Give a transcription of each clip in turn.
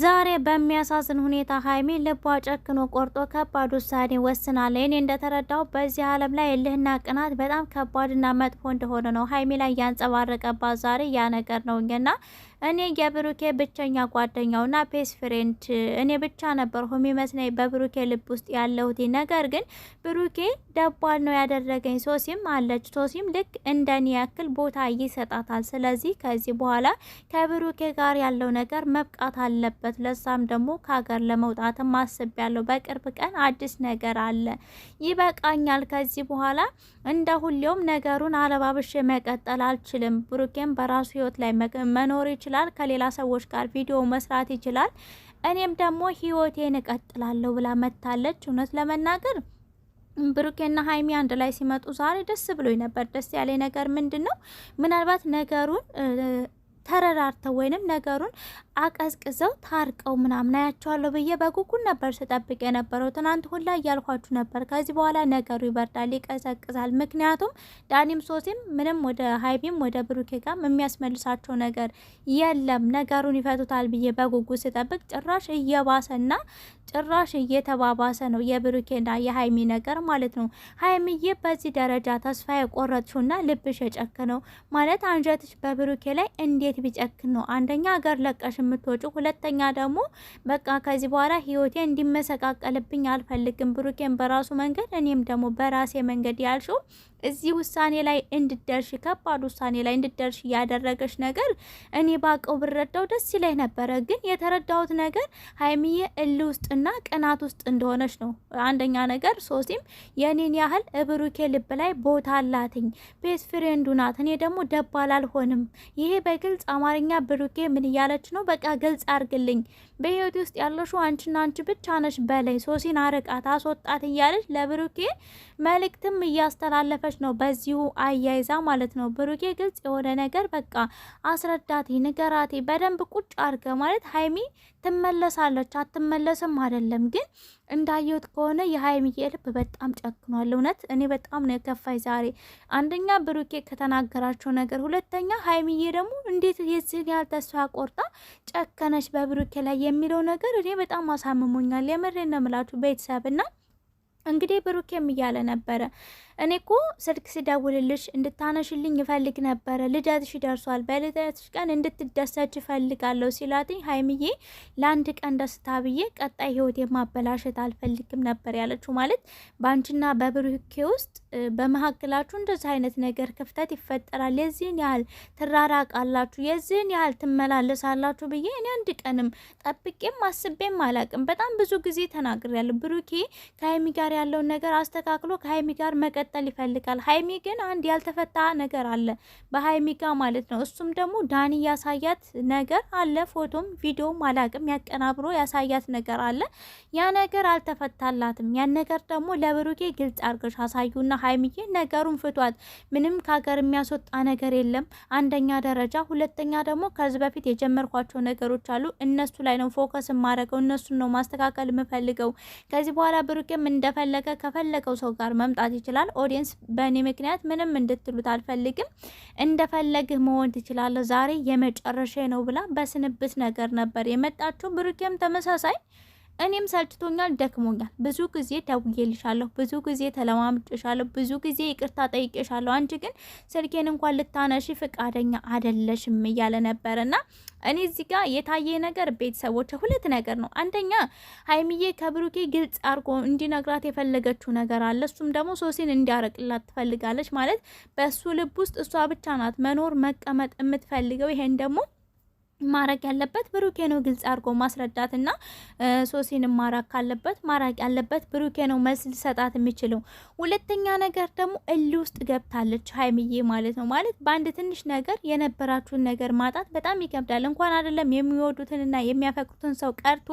ዛሬ በሚያሳዝን ሁኔታ ሀይሚ ልቧ ጨክኖ ቆርጦ ከባድ ውሳኔ ወስናለ እኔ እንደተረዳው በዚህ ዓለም ላይ እልህና ቅናት በጣም ከባድና መጥፎ እንደሆነ ነው ሀይሚ ላይ ያንጸባረቀባት ዛሬ ያ ነገር ነውና እኔ የብሩኬ ብቸኛ ጓደኛውና ፔስ ፍሬንድ እኔ ብቻ ነበር መስናይ በብሩኬ ልብ ውስጥ ያለሁት። ነገር ግን ብሩኬ ደባል ነው ያደረገኝ። ሶሲም አለች። ሶሲም ልክ እንደኔ ያክል ቦታ ይሰጣታል። ስለዚህ ከዚህ በኋላ ከብሩኬ ጋር ያለው ነገር መብቃት አለበት። ለሳም ደግሞ ከሀገር ለመውጣትም ያለው በቅርብ ቀን አዲስ ነገር አለ። ይበቃኛል። ከዚህ በኋላ እንደ ሁሌውም ነገሩን አለባብሼ መቀጠል አልችልም። ብሩኬም በራሱ ህይወት ላይ መኖር ይችላል፣ ከሌላ ሰዎች ጋር ቪዲዮ መስራት ይችላል። እኔም ደግሞ ህይወቴን እቀጥላለሁ ብላ መታለች። እውነት ለመናገር ብሩኬና ሀይሚ አንድ ላይ ሲመጡ ዛሬ ደስ ብሎኝ ነበር። ደስ ያለ ነገር ምንድን ነው? ምናልባት ነገሩን ተረራርተው ወይንም ነገሩን አቀዝቅዘው ታርቀው ምናምን አያቸዋለሁ ብዬ በጉጉን ነበር ስጠብቅ የነበረው። ትናንት ሁላ እያልኳችሁ ነበር፣ ከዚህ በኋላ ነገሩ ይበርዳል፣ ይቀዘቅዛል። ምክንያቱም ዳኒም ሶሲም ምንም ወደ ሀይቢም ወደ ብሩኬ ጋር የሚያስመልሳቸው ነገር የለም፣ ነገሩን ይፈቱታል ብዬ በጉጉ ስጠብቅ ጭራሽ እየባሰና ጭራሽ እየተባባሰ ነው የብሩኬና የሀይሚ ነገር ማለት ነው። ሀይሚዬ በዚህ ደረጃ ተስፋ የቆረጥሽና ልብሽ የጨከነው ማለት አንጀትሽ በብሩኬ ላይ እንዴት እንዴት ቢጨክን ነው? አንደኛ ሀገር ለቀሽ የምትወጩ፣ ሁለተኛ ደግሞ በቃ ከዚህ በኋላ ህይወቴ እንዲመሰቃቀልብኝ አልፈልግም። ብሩኬን በራሱ መንገድ እኔም ደግሞ በራሴ መንገድ ያልሽው እዚህ ውሳኔ ላይ እንድደርሽ ከባድ ውሳኔ ላይ እንድደርሽ ያደረገች ነገር እኔ ባቀው ብረዳው ደስ ይለኝ ነበረ። ግን የተረዳሁት ነገር ሀይሚዬ እል ውስጥና ቅናት ውስጥ እንደሆነች ነው። አንደኛ ነገር ሶሲም የኔን ያህል ብሩኬ ልብ ላይ ቦታ አላትኝ፣ ቤስ ፍሬንዱ ናት። እኔ ደግሞ ደባል አልሆንም። ይሄ በግልጽ አማርኛ ብሩኬ ምን እያለች ነው? በቃ ግልጽ አድርግልኝ። በህይወት ውስጥ ያለሽው አንቺና አንቺ ብቻ ነሽ በላይ ሶሲን አርቃት አስወጣት እያለች ለብሩኬ መልእክትም እያስተላለፈች ነው። በዚሁ አያይዛ ማለት ነው። ብሩኬ ግልጽ የሆነ ነገር በቃ አስረዳቴ፣ ንገራቴ በደንብ ቁጭ አርገ ማለት ሀይሚ ትመለሳለች አትመለስም አይደለም ግን እንዳየሁት ከሆነ የሀይሚዬ ልብ በጣም ጨክኗል። እውነት እኔ በጣም ነው የከፋኝ ዛሬ። አንደኛ ብሩኬ ከተናገራቸው ነገር፣ ሁለተኛ ሀይሚዬ ደግሞ እንዴት የዚህን ያህል ተስፋ ቆርጣ ጨከነች በብሩኬ ላይ የሚለው ነገር እኔ በጣም አሳምሞኛል። የምሬን ነው የምላችሁ ቤተሰብ እና እንግዲህ ብሩኬም እያለ ነበረ እኔ እኮ ስልክ ስደውልልሽ እንድታነሽልኝ ይፈልግ ነበረ፣ ልደትሽ ደርሷል፣ በልደትሽ ቀን እንድትደሰች ይፈልጋለሁ ሲላትኝ ሀይምዬ ለአንድ ቀን ደስታ ብዬ ቀጣይ ህይወት የማበላሸት አልፈልግም ነበር ያለችው። ማለት በአንቺና በብሩኬ ውስጥ በመካከላችሁ እንደዚህ አይነት ነገር ክፍተት ይፈጠራል፣ የዚህን ያህል ትራራቃላችሁ፣ የዚህን ያህል ትመላለሳላችሁ ብዬ እኔ አንድ ቀንም ጠብቄም አስቤም አላቅም። በጣም ብዙ ጊዜ ተናግሬያለሁ። ብሩኬ ከሀይሚ ጋር ያለውን ነገር አስተካክሎ ከሀይሚ ጋር መቀ እንዲቀጠል ይፈልጋል። ሀይሚ ግን አንድ ያልተፈታ ነገር አለ በሀይሚ ጋ ማለት ነው። እሱም ደግሞ ዳኒ ያሳያት ነገር አለ፣ ፎቶም ቪዲዮም አላቅም ያቀናብሮ ያሳያት ነገር አለ። ያ ነገር አልተፈታላትም። ያን ነገር ደግሞ ለብሩኬ ግልጽ አርገሽ አሳዩና ሀይሚዬ ነገሩን ፍቷት። ምንም ከሀገር የሚያስወጣ ነገር የለም አንደኛ ደረጃ፣ ሁለተኛ ደግሞ ከዚህ በፊት የጀመርኳቸው ነገሮች አሉ። እነሱ ላይ ነው ፎከስ የማደርገው፣ እነሱን ነው ማስተካከል የምፈልገው። ከዚህ በኋላ ብሩኬም እንደፈለገ ከፈለገው ሰው ጋር መምጣት ይችላል። ኦዲየንስ በእኔ ምክንያት ምንም እንድትሉት አልፈልግም። እንደፈለግህ መሆን ትችላለህ፣ ዛሬ የመጨረሻ ነው ብላ በስንብት ነገር ነበር የመጣችው። ብሩኬም ተመሳሳይ እኔም ሰልችቶኛል፣ ደክሞኛል። ብዙ ጊዜ ደውዬልሻለሁ፣ ብዙ ጊዜ ተለማምጭሻለሁ፣ ብዙ ጊዜ ይቅርታ ጠይቄሻለሁ። አንቺ ግን ስልኬን እንኳን ልታነሺ ፍቃደኛ አደለሽም እያለ ነበር እና እኔ እዚህ ጋር የታየ ነገር ቤተሰቦች ሁለት ነገር ነው። አንደኛ ሀይሚዬ ከብሩኬ ግልጽ አርጎ እንዲነግራት የፈለገችው ነገር አለ። እሱም ደግሞ ሶሲን እንዲያረቅላት ትፈልጋለች። ማለት በእሱ ልብ ውስጥ እሷ ብቻ ናት መኖር መቀመጥ የምትፈልገው። ይሄን ደግሞ ማራቅ ያለበት ብሩኬ ነው። ግልጽ አድርጎ ማስረዳትና ሶሲን ማራቅ ካለበት ማራቅ ያለበት ብሩኬ ነው መልስ ሊሰጣት የሚችለው። ሁለተኛ ነገር ደግሞ እል ውስጥ ገብታለች ሀይምዬ ማለት ነው። ማለት በአንድ ትንሽ ነገር የነበራችሁን ነገር ማጣት በጣም ይከብዳል። እንኳን አይደለም የሚወዱትንና የሚያፈቅሩትን ሰው ቀርቶ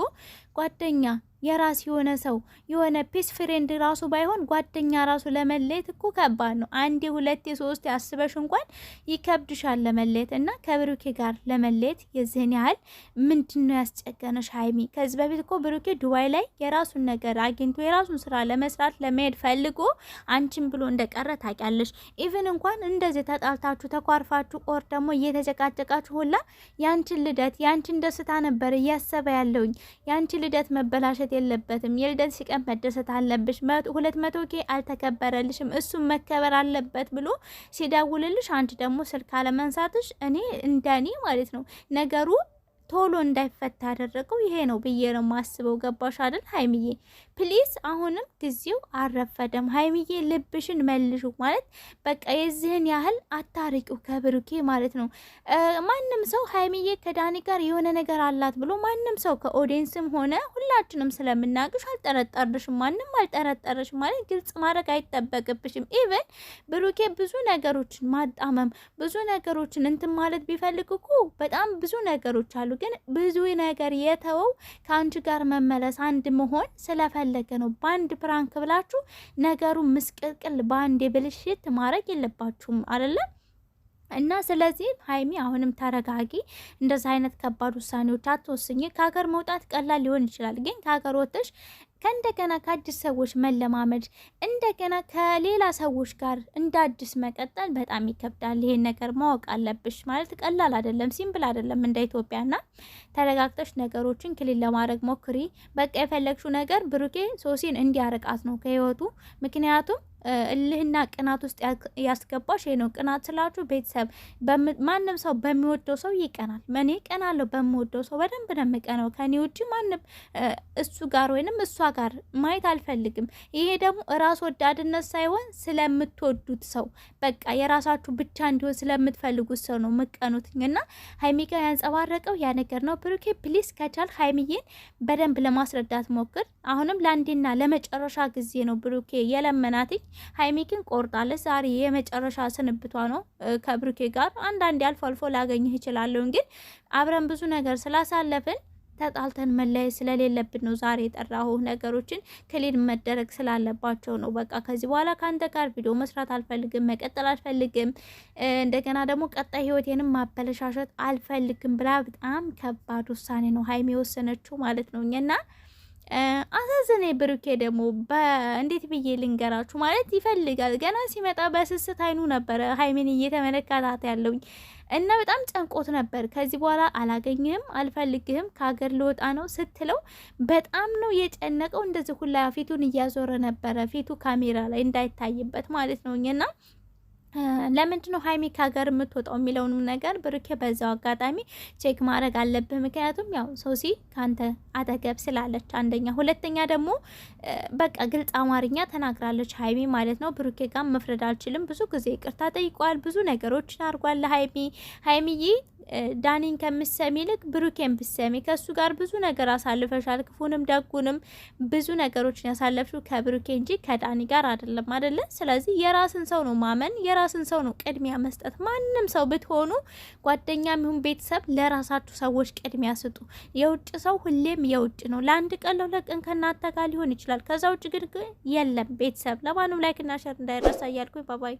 ጓደኛ የራስ የሆነ ሰው የሆነ ፒስ ፍሬንድ ራሱ ባይሆን ጓደኛ ራሱ ለመለየት እኮ ከባድ ነው። አንዴ ሁለቴ ሶስቴ ያስበሽ እንኳን ይከብድሻል ለመለየት እና ከብሩኬ ጋር ለመለየት የዚህን ያህል ምንድን ነው ያስጨገነሽ ሀይሚ? ከዚህ በፊት እኮ ብሩኬ ዱባይ ላይ የራሱን ነገር አግኝቶ የራሱን ስራ ለመስራት ለመሄድ ፈልጎ አንቺን ብሎ እንደቀረ ታውቂያለሽ። ኢቭን እንኳን እንደዚህ ተጣልታችሁ ተኳርፋችሁ ቆር ደግሞ እየተጨቃጨቃችሁ ሁላ ያንቺን ልደት ያንቺን ደስታ ነበር እያሰበ ያለውኝ ያንቺን ልደት መበላሸት የለበትም። የልደት ሲቀን መደሰት አለብሽ፣ ሁለት መቶ ኬ አልተከበረልሽም፣ እሱም መከበር አለበት ብሎ ሲደውልልሽ አንቺ ደግሞ ስልክ አለመንሳትሽ እኔ እንደኔ ማለት ነው ነገሩ ቶሎ እንዳይፈታ ያደረገው ይሄ ነው ብዬ ነው ማስበው። ገባሽ አይደል ሀይሚዬ? ፕሊዝ አሁንም ጊዜው አረፈደም። ሀይሚዬ ልብሽን መልሹ ማለት በቃ የዚህን ያህል አታርቂው ከብሩኬ ማለት ነው። ማንም ሰው ሀይሚዬ ከዳኒ ጋር የሆነ ነገር አላት ብሎ ማንም ሰው ከኦዲየንስም ሆነ ሁላችንም ስለምናቅሽ አልጠረጠርሽም፣ ማንም አልጠረጠርሽም ማለት ግልጽ ማድረግ አይጠበቅብሽም። ኢቨን ብሩኬ ብዙ ነገሮችን ማጣመም ብዙ ነገሮችን እንትን ማለት ቢፈልግ እኮ በጣም ብዙ ነገሮች አሉ ይችላሉ። ግን ብዙ ነገር የተወው ከአንቺ ጋር መመለስ አንድ መሆን ስለፈለገ ነው። በአንድ ፕራንክ ብላችሁ ነገሩ ምስቅልቅል በአንድ ብልሽት ማድረግ የለባችሁም አይደለም። እና ስለዚህ ሀይሚ አሁንም ተረጋጊ። እንደዚህ አይነት ከባድ ውሳኔዎች አትወስኝ። ከሀገር መውጣት ቀላል ሊሆን ይችላል፣ ግን ከሀገር ወጥተሽ ከእንደገና ከአዲስ ሰዎች መለማመድ እንደገና ከሌላ ሰዎች ጋር እንደ አዲስ መቀጠል በጣም ይከብዳል። ይሄን ነገር ማወቅ አለብሽ። ማለት ቀላል አይደለም፣ ሲምፕል አይደለም እንደ ና ተረጋግተሽ ነገሮችን ክሊል ለማድረግ ሞክሪ። በቃ የፈለግሽው ነገር ብሩኬ ሶሲን እንዲያርቃት ነው ከህይወቱ ምክንያቱም እልህና ቅናት ውስጥ ያስገባሽ ይሄ ነው። ቅናት ስላችሁ ቤተሰብ ማንም ሰው በሚወደው ሰው ይቀናል። እኔ ቀናለሁ በምወደው ሰው በደንብ ነው የምቀነው። ከኔ ውጭ ማንም እሱ ጋር ወይንም እሷ ጋር ማየት አልፈልግም። ይሄ ደግሞ ራስ ወዳድነት ሳይሆን ስለምትወዱት ሰው በቃ የራሳችሁ ብቻ እንዲሆን ስለምትፈልጉት ሰው ነው የምቀኑት እና ሀይሚ ጋር ያንጸባረቀው ያ ነገር ነው። ብሩኬ ፕሊስ ከቻል ሀይሚዬን በደንብ ለማስረዳት ሞክር። አሁንም ለአንዴና ለመጨረሻ ጊዜ ነው ብሩኬ የለመናትኝ ሀይሚ ግን ቆርጣለች። ዛሬ የመጨረሻ ስንብቷ ነው ከብሩኬ ጋር። አንዳንዴ አልፎ አልፎ ላገኝህ እችላለሁ፣ ግን አብረን ብዙ ነገር ስላሳለፍን ተጣልተን መለያየት ስለሌለብን ነው ዛሬ የጠራሁ። ነገሮችን ክሊል መደረግ ስላለባቸው ነው። በቃ ከዚህ በኋላ ከአንተ ጋር ቪዲዮ መስራት አልፈልግም፣ መቀጠል አልፈልግም፣ እንደገና ደግሞ ቀጣይ ህይወቴንም ማበለሻሸት አልፈልግም ብላ በጣም ከባድ ውሳኔ ነው ሀይሚ የወሰነችው ማለት ነው እኛና አሳዘነ። ብሩኬ ደግሞ እንዴት ብዬ ልንገራችሁ ማለት ይፈልጋል። ገና ሲመጣ በስስት አይኑ ነበረ ሀይሜን እየተመለከታት ያለውኝ እና በጣም ጨንቆት ነበር። ከዚህ በኋላ አላገኝህም፣ አልፈልግህም፣ ከሀገር ልወጣ ነው ስትለው በጣም ነው የጨነቀው። እንደዚህ ሁላ ፊቱን እያዞረ ነበረ ፊቱ ካሜራ ላይ እንዳይታይበት ማለት ነው ለምንድን ነው ሀይሚ ከሀገር የምትወጣው የሚለውንም ነገር ብሩኬ በዛው አጋጣሚ ቼክ ማድረግ አለብህ። ምክንያቱም ያው ሶሲ ከአንተ አጠገብ ስላለች አንደኛ፣ ሁለተኛ ደግሞ በቃ ግልጽ አማርኛ ተናግራለች ሀይሚ ማለት ነው። ብሩኬ ጋር መፍረድ አልችልም። ብዙ ጊዜ ይቅርታ ጠይቋል፣ ብዙ ነገሮችን አድርጓል ለሀይሚ ሀይሚዬ ዳኒን ከምሰሚ ይልቅ ብሩኬን ብሰሚ። ከእሱ ጋር ብዙ ነገር አሳልፈሻል። ክፉንም ደጉንም ብዙ ነገሮችን ያሳለፍሽው ከብሩኬ እንጂ ከዳኒ ጋር አይደለም አይደለ? ስለዚህ የራስን ሰው ነው ማመን፣ የራስን ሰው ነው ቅድሚያ መስጠት። ማንም ሰው ብትሆኑ ጓደኛም ይሁን ቤተሰብ፣ ለራሳችሁ ሰዎች ቅድሚያ ስጡ። የውጭ ሰው ሁሌም የውጭ ነው። ለአንድ ቀን ለሁለት ቀን ከእናንተ ጋር ሊሆን ይችላል። ከዛ ውጭ ግን የለም ቤተሰብ። ለማንም ላይክና ሸር እንዳይረሳ እያልኩኝ ባባይ